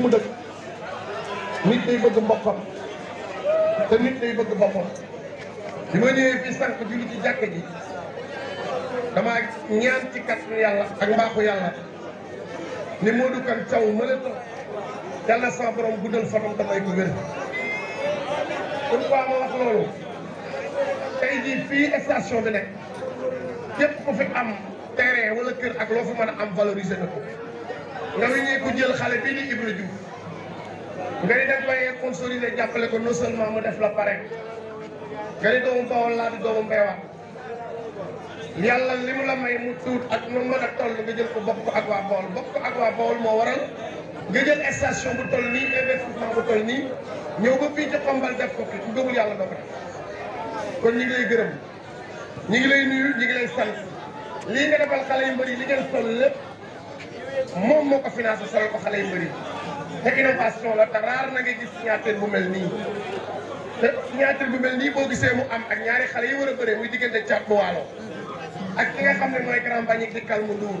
mu dëkk nit day bëgg mbokkam te nit day bëgg boppam bi ma ñëwee fii sànq julli ci jàkka ji damaa ñaan ci kàttanu yàlla ak mbaaxu yàlla ni Modou Kane Thiaw ma la toog yàlla sa borom guddal fanam damay ko wér pourquoi ma wax loolu tey jii fii station bi nekk képp ku fi am terrain wala kër ak loo fi mën a am valoriser na ko nga weñee ko jël xale bi di Ibra Diouf nga ni daf lay consolider jàppale ko non seulement mu def la nga ni Bawol di doomu Mbeewaat yàlla li la may mu tuut ak nu mën toll nga jël ko bokk ak waa Bawol bokk ak waa Bawol moo waral nga jël station bu toll nii investissement bu toll nii ñëw ba fii ca def ko fi ku gëmul yàlla ko kon ngi gërëm ngi lay nuyu ngi lay sant nga defal yu li ngeen sol mom moko ko solo ko xalé mbeuri bëri innovation la tarar na nga gis signature bu melni nii signature bu melni bo gisé mu am ak ñaari xalé yi wara a muy diggante chat bu walo ak ki nga xamné moy grand bañi di Kalmu Ndour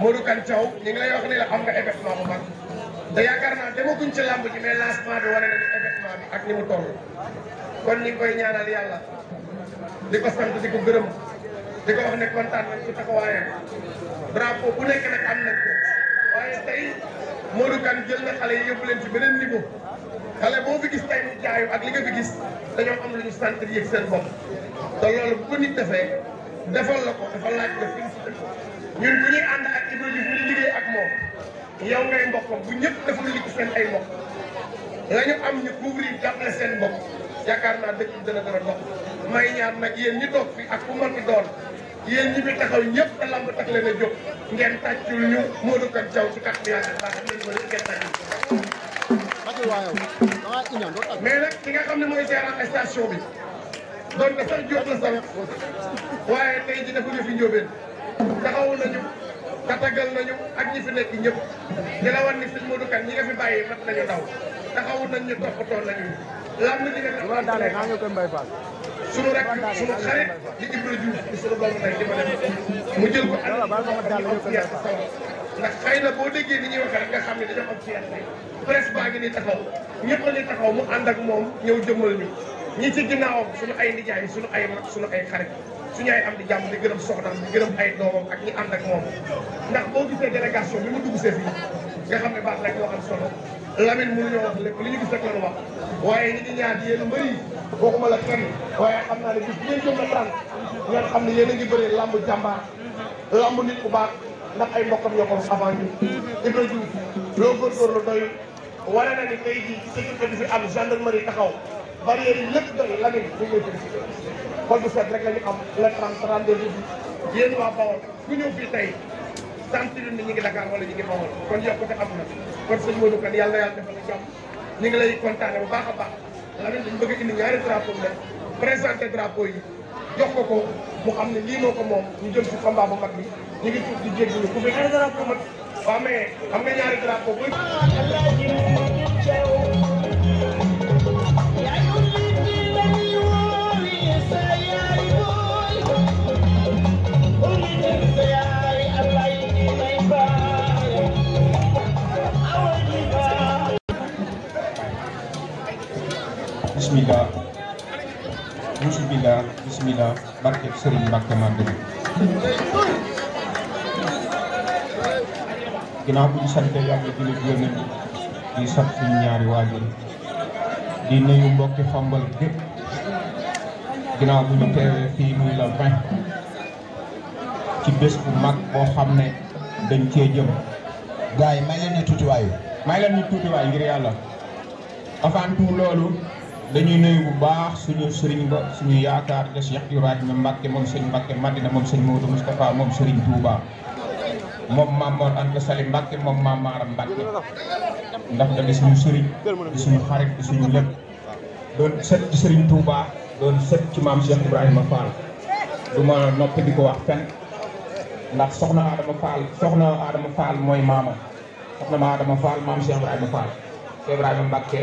Modou Kan ciow ñi nga lay wax ni la xam nga événement bu mag yaakar na naa demaguñ ci lamb ji mais lancement bi wane na ni événement bi ak ni mu toll kon ñu koy ñaanal yalla diko sant diko gëreum diko wax ne kontane ci taxawaye drapeau bu nekk am nañ ko waaye tey Modou Kane jël na xale yi yóbbu leen ci beneen niveau xale boo fi gis tey mu ak li fi gis dañoo am lu ñu sant yëg seen bopp te loolu bu ko nit defee defal la ko dafa laaj def fi ñun bu ñuy ànd ak Ibrahima bu ñu liggéey ak moom yow ñëpp defal li ci seen ay mbokk la ñu am ñu couvrir jàppale seen mbokk yaakaar naa dëkk bi dana gën a dox may ñaan nag yéen ñi toog fi ak ku mën di doon. yéen ñi fi taxaw ñëpp te lamb tax leen a ngeen tàccul ñu Modou Kat Diaw ci kàddu yàlla baax ngeen mën ngeen tàcc mais nag ki nga xam ne mooy station bi doon na sax jóob la sax waaye tey ji defuñu fi nañu nañu ak ñi fi nekk la Modou ñi nga fi mat nañu daw taxawu nañ ñu nañu lamb ji nga. koy mbay sunu rakk sunu xare li Ibrahima Diouf sunu doomu nday li ma def mu jël ko ndax xëy na boo déggee ni ñuy wax rek nga ne dañoo baa ngi ni taxaw ñëpp a taxaw mu ànd ak moom ñëw jëmmal ñu ñi ci ginnaawam suñu ay nijaay suñu ay su suñu ay xarit su ay am di jàmm di gërëm soxnaam di gërëm ay doomam ak ñi ànd ak moom ndax boo gisee délégation bi mu dugg see nga xam ne baax rek moo am solo Lamine mënu ñoo wax li ñu gis rek la ñu wax waaye ñi di ñaar yéen mbëri waxuma la kenn waaye xam naa ne bis bi ngeen jëm la tànk ngeen xam ne yéen a ngi bëree lamb jàmbaar lamb nit ku baax ndax ay mbokkam ñoo ko avant ñu Ibra Diouf loo góorgóorlu doy wane na ni tey jii sécurité bi fi am gendarmerie taxaw barrière yi lépp doy la ngeen ñu rek la ñu am le 30 rendez-vous bi yéen waa Bawol ku ñëw fii tey ni ñu ngi Dakar wala ñu ngi Bawol kon yokkute am na kon sëñ Modou kan yàlla yàlla defal la jàmm ñu ngi lay kontaane bu baax a baax da ngeen dañ bëgg indi ñaari drapeau la présenté drapeau yi jox ko ko mu xam ne lii moo ko moom ñu jëm ci combat bu mag bi ñu ngi tudd di jégalu ku fi ñaari drapeau mag waaw mais xam nga ñaari drapeau bu barke Serigne Mbacke Madina ginnaaw bu ñu sante yàlla julli yónnent bi di sant suñu ñaari waajur di nuyu mbokki Xombol gépp ginnaaw bu ñu teewee fii muy la vingt ci bés bu mag boo xam ne dañ cee jëm gars yi may leen tuutiwaayu may leen ni tuutiwaay ngir yàlla loolu dañuy nuyu bu baax suñu sëriñ ba suñu yaakaar de Cheikh Ibrahima Mbacke moom sëñ Mbacke Madina moom sëñ Maodo Moustapha moom sëriñ Touba moom Mame Mor Anta Sali Mbacke moom Mame Maram Mbacke ndax da di suñu sëriñ di suñu xarit di suñu lépp doon sët ci sëriñ Touba doon sët ci maam Cheikh Ibrahima Fall du ma noppi di ko wax fenn ndax soxna Adama Fall soxna Adama Fall mooy maama soxna ma Adama Fall maam Cheikh Ibrahima Fall Cheikh Ibrahima Mbacke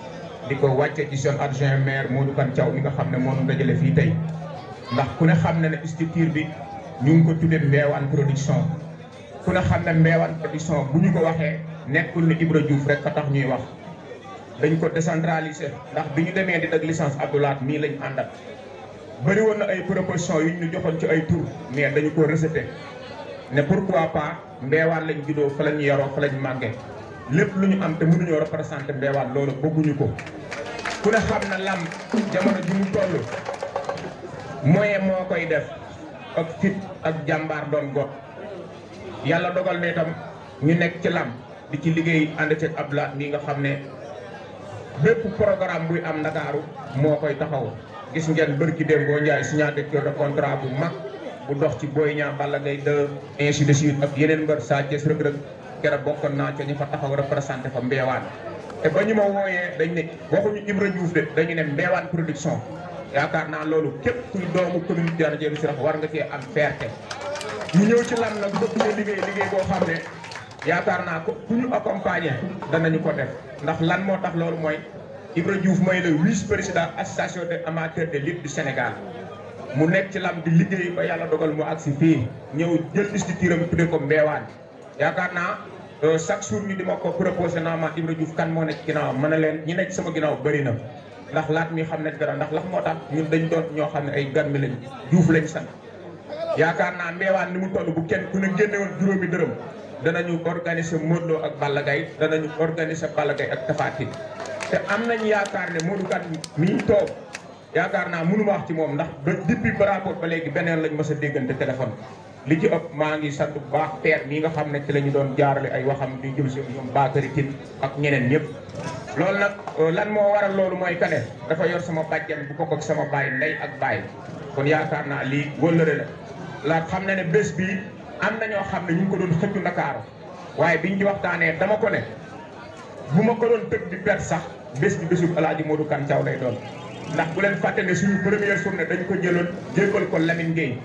di ko wàcce ci seen adjoint maire Modou Kane Thiaw mi nga xam ne moo nu dajale fii tey ndax ku ne xam ne ne structure bi ñu ngi ko tuddee Mbeewaan production ku ne xam ne Mbeewaan production bu ñu ko waxee nekkul ne Ibra Diouf rek ko tax ñuy wax dañ ko décentraliser ndax bi ñu demee di nag licence Abdoulaat mii lañ àndat bëri woon na ay proposition yu ñu joxoon ci ay tur mais dañu ko rejeté ne pourquoi pas Mbeewaan lañ juddoo fa lañ yaroo fa lañ màggee lepp lu ñu am te mënuñoo représenté Mbeewaat loolu bëgguñu ko ku ne xam na lam jamono ji mu toll moye moo koy def ak fit ak jàmbaar doon got yàlla dogal ne itam ñu nekk ci lam di ci liggéey ànd ci abla mi nga xam ne bépp programme buy am Ndakaaru moo koy taxaw gis ngeen bërki dem boo njaay signature de contrat bu mag bu dox ci Boy Niang Balla ngay de ainsi de suite ak yeneen mbër Sa Thiès Reug Reug keroog bokkoon naa ci ñu fa taxaw représenté fa mbeewaan te ba ñu ma wooyee dañ waxu ñu imra Diouf de dañu ne mbeewaan production yaakar na lolu képp ku doomu commune Diarra ci rax war nga ci am fierté ñu ñëw ci lan nak bëgg ñu liggéey liggéey bo xamné yaakar na ko ku ñu accompagner dañ nañu ko def ndax lan mo tax lolu moy Ibra Diouf moy le vice président association des amateurs de lutte du Sénégal mu nek ci lam di liggéey ba yalla dogal mu agsi fi ñew jël institut am tuddee ko mbéwaan yaakaar naa euh, chaque jour ñu di ma ko proposé naa ma Ibra Diouf kan moo nekk ginnaaw mën na leen ñi nekk sama ginnaaw bëri na ndax laat mi xam ne dara ndax lax moo tax ñun dañ doon ñoo xam ne ay gan mi lañ Diouf lañ sant yaakaar naa mbeewaan ni mu toll bu kenn ku ne génne woon juróomi dërëm danañu organiser Modou Lo ak Balla Gaye danañu organiser Balla ak Tapha te am nañu yaakaar ne Modou Kane mi ñu toog yaakaar naa mënuma wax ci moom ndax ba depuis ba rapport ba léegi beneen lañ mës a déggante téléphone li ci ëpp maa ngi sant bu baax teer mii nga xam ne ci la ñu doon jaarale ay waxam di jëm si ñoom Bakary Tine ak ñeneen ñëpp. loolu nag euh, lan moo waral loolu mooy que dafa yor sama bàjjan bu ko ko sama baay ndey ak baay kon yaakaar naa lii wëllëre la laa xam na ne bés bii am na ñoo xam ne ñu ngi ko doon xëccu Ndakaaru waaye bi ñu ci waxtaanee dama ko ne bu ma ko doon tëgg di perte sax bés bi bésu El Hadj Modou Kane lay doon. ndax bu leen fàtte ne suñu première journée dañ ko jëloon jébbal ko Lamine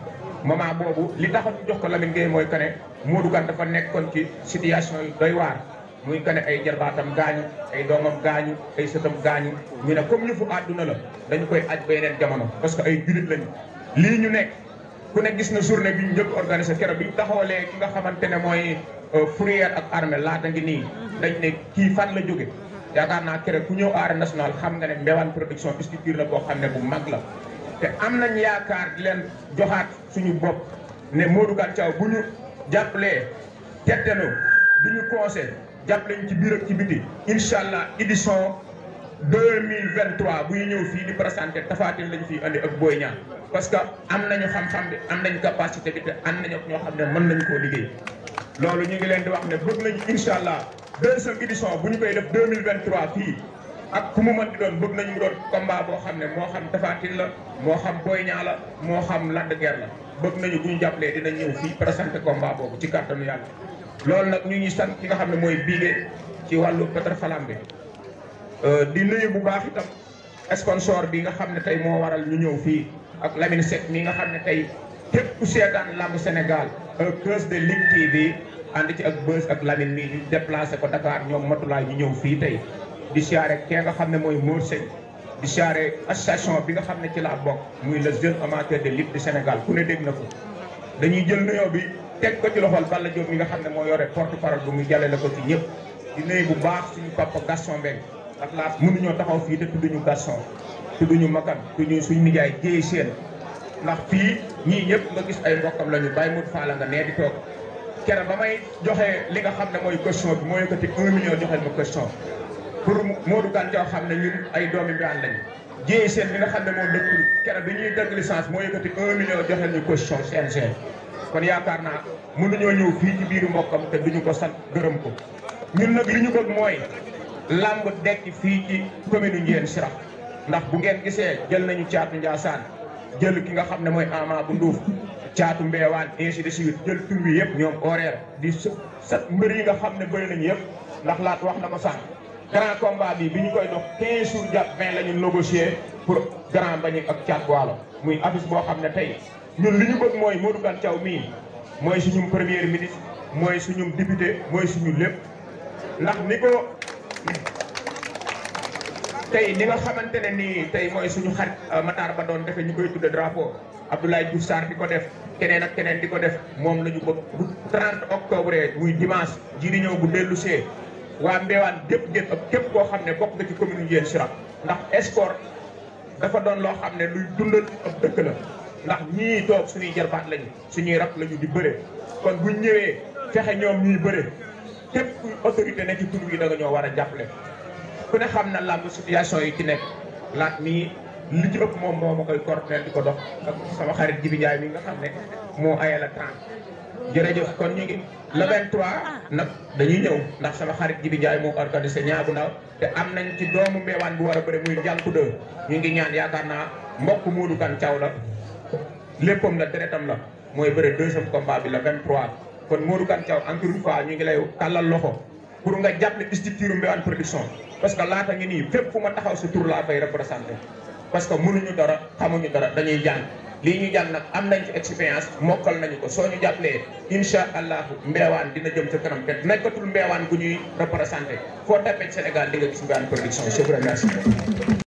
moment boobu li taxoon jox ko Lamine Gueye mooy que ne Modou Kane dafa nekkoon ci situation yu doy waar muy que ay jarbaatam gaañu ay doomam gaañu ay sëtam gaañu ñu ne comme yëfu àdduna la dañu koy aj ba yeneen jamono parce que ay jullit lañu lii ñu nekk ku ne gis na journée bi ñu njëkk organisé keroog bi ñu taxawalee ki nga xamante ne mooy euh, fourrière ak armée laata ngi nii dañu ne kii fan la jóge yaakaar naa keroog ku ñëw arène nationale xam nga ne Mbéwane production biscuiterie la boo xam ne bu mag la te am nañ yaakaar leen joxaat suñu bopp ne Modou Kat Thiaw bu ñu jàppalee tettanu du ñu conseil jàppale ñu ci biir ak ci biti incha allah édition deux mille vingt trois buy ñëw fii di présenté tafaatin lañ fiy andi ak booy ñaan parce que am nañu xam-xam bi am nañu capacité bi te am nañu ñoo xam ne mën nañu koo liggéey loolu ñu ngi leen di wax ne bëgg nañu incha allah deuxième édition bu ñu koy def deux mille fii. ak ku mu mën di doon bëgg nañu mu doon combat boo xam ne moo xam Tapha Tine la moo xam Boy Niang la moo xam Lac de Guiers la bëgg nañu bu ñu jàppalee dinañ ñëw fii présenté combat boobu ci kàttanu yàlla. loolu nag ñu ñuy sant ki nga xam ne mooy Bigué ci wàllu Peterfalam bi euh, di nuyu bu baax itam sponsor bi nga xam ne tey moo waral ñu ñëw fii ak Lamine Seck mi nga xam ne tey képp ku seetaan lamb Sénégal un euh, cause de Ligue bi ànd ci ak bës ak lamin mii ñu déplacé ko Dakar ñoom matulaay ñu ñëw fii tey. di siyaare kee nga xam ne mooy Mor Seye di siyaare association bi nga xam ne ci laa bokk muy la jeune amateur de lutte du Sénégal ku ne dégg na ko dañuy jël nuyoo bi teg ko ci loxol Balla Diop mi nga xam ne moo yore porte parole bu muy jàllale ko ci ñëpp di nuyu bu baax suñu papa Gaston Mbengue ndax laa ñoo taxaw fii te tudduñu Gaston tudduñu Makan tudduñu suñu nijaay Jéy Seen ndax fii ñii ñëpp nga gis ay mbokkam lañu bàyyi mu faala nga nee di toog kere ba may joxe li nga xam ne mooy question bi moo yëkkati un million joxel pour Modou Kane Thiaw xam ne ñun ay doomi Birane lañu jéey seen bi nga xam ne moo dëkk keroog bi ñuy dëgg licence moo yëkkati 1 million joxel ñu caution CNG kon yaakaar naa mënuñoo ñëw fii ci biiru mbokkam te duñu ko sant gërëm ko ñun nag li ñu bëgg mooy làmb dekk fii ci commune Ndiène Sirakh ndax bu ngeen gisee jël nañu caatu Ndiassane jël ki nga xam ne mooy Ama bu Nduuf caatu Mbeewaan ainsi de suite jël tur bi yëpp ñoom horaire di sat mbër yi nga xam ne bëri nañu yëpp ndax laat wax na ko sànq grand combat bi biñ koy dox 15 jours japp 20 lañu négocier pour grand bañ ak Thiat Walo muy office bo xamne tay ñun liñu bëgg moy Modou Kane taw mi moy suñu premier ministre moy suñu député moy suñu lepp ndax niko tay ni nga xamantene ni tay moy suñu xarit euh, Matar ba doon defee ñukoy tudde drapeau Abdoulaye Diouf sar diko def keneen ak keneen diko def mom lañu bëgg 30 octobre muy dimanche jiri ñew ñëw bu dellusee waa Mbewaan gépp gépp képp koo xam ne bokk nga ci commune Ndiéyène Sirakh ndax sport dafa doon loo xam ne luy dundal ab dëkk na ndax ñii toog suñuy jarbaat lañu suñuy rab lañu di bëre kon buñ ñëwee fexe ñoom ñuy bëre képp kuy autorité ne ci tund yi da ñoo war a jàppale ku ne xam na làmb situation yi ci nekk laat mii li ci ëpp moom moo ma koy coordonné di ko dox ak sama xarit Jibi Njaay mi nga xam ne moo ayala 30 jërëjëf kon ñu ngi le 23 nag dañuy ñëw ndax sama xarit Jibi Ndiaye moo organisé ñaa bu ndaw te am nañ ci doomu meewaan bu war a bëri muy njànku de ñu ngi ñaan yaakaar naa mbokk Modou Kane Thiaw la léppam la deretam la mooy bëre deuxième combat bi le 23. kon Modou Kane Thiaw encore une fois ñu ngi lay tàllal loxo pour nga jàppale structure Mbéwane production parce que laata ngi nii fépp fu ma taxaw sa tur laa fay représenté parce que mënuñu dara xamuñu dara dañuy jàng. lii ñu jàng nag am nañ ci expérience mokkal nañu ko soo ñu jàppalee incha allahu mbeewaan dina jëm ca kanam te nekkatul mbeewaan gu ñuy représenté foo tapé Sénégal di nga gis mbeewaan production je vous remercie